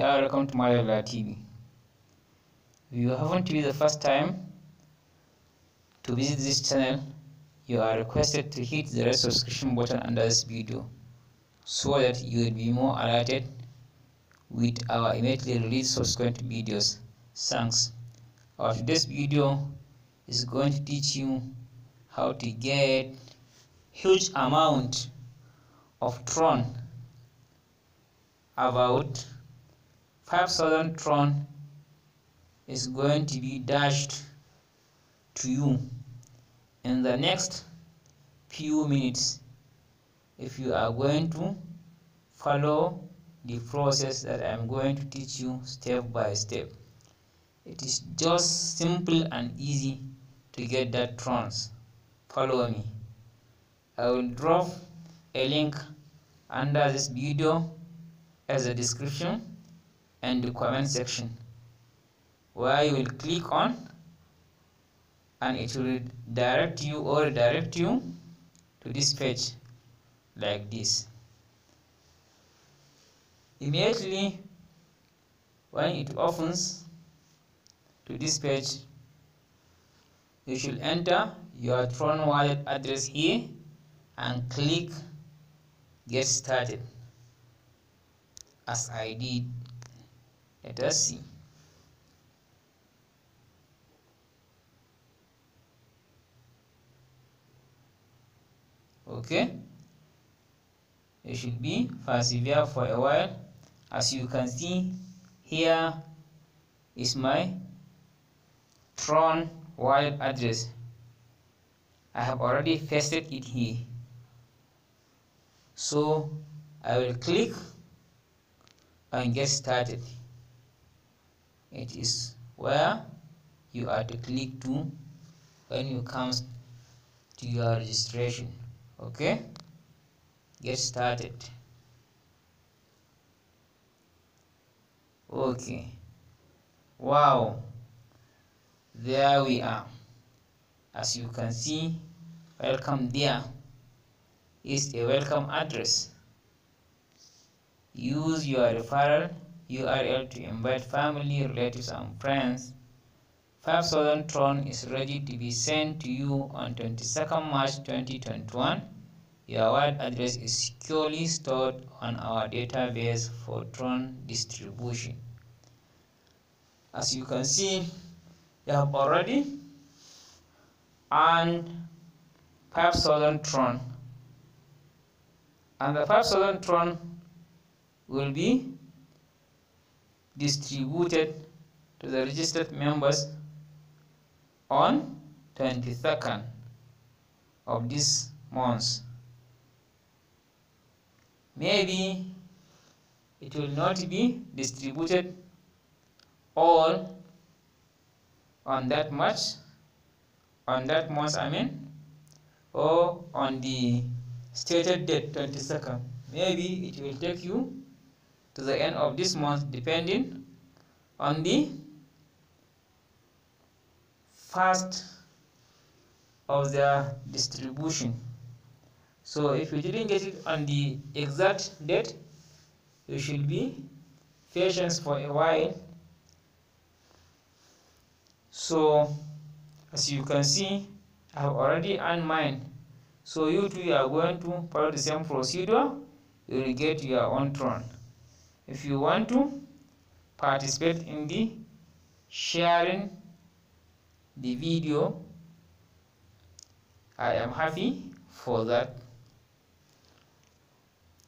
Yeah, welcome to Mariola TV. If you haven't been the first time to visit this channel, you are requested to hit the red subscription button under this video so that you will be more alerted with our immediately released subsequent videos. Thanks. Our today's video is going to teach you how to get huge amount of Tron about 5,000 tron is going to be dashed to you in the next few minutes if you are going to follow the process that I'm going to teach you step by step. It is just simple and easy to get that trance. Follow me. I will drop a link under this video as a description and the comment section where you will click on and it will direct you or direct you to this page like this immediately when it opens to this page you should enter your Tron wallet address here and click get started as I did let us see okay it should be persevere for a while as you can see here is my tron wild address I have already pasted it here so I will click and get started it is where you are to click to when you come to your registration okay get started okay wow there we are as you can see welcome there is a welcome address use your referral URL to invite family, relatives, and friends. 5000 Tron is ready to be sent to you on 22nd March 2021. Your wallet address is securely stored on our database for Tron distribution. As you can see, you have already earned 5000 Tron. And the 5000 Tron will be distributed to the registered members on 22nd of this month. Maybe it will not be distributed all on that much on that month I mean or on the stated date 22nd maybe it will take you to the end of this month depending on the first of their distribution so if you didn't get it on the exact date you should be patient for a while so as you can see I have already earned mine so you two are going to follow the same procedure you will get your own throne if you want to participate in the sharing the video I am happy for that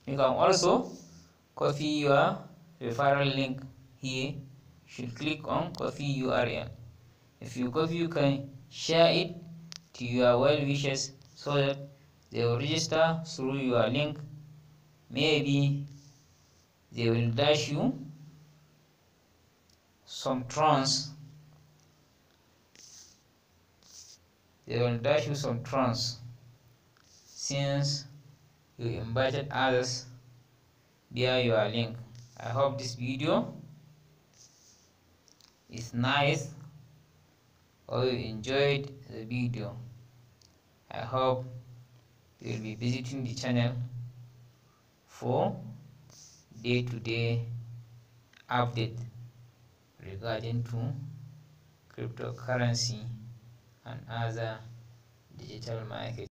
you can also copy your referral link here you should click on copy URL if you copy you can share it to your well wishes so that they will register through your link maybe they will dash you some trans. they will dash you some trans since you invited others via your link i hope this video is nice or you enjoyed the video i hope you will be visiting the channel for day-to-day update regarding to cryptocurrency and other digital market.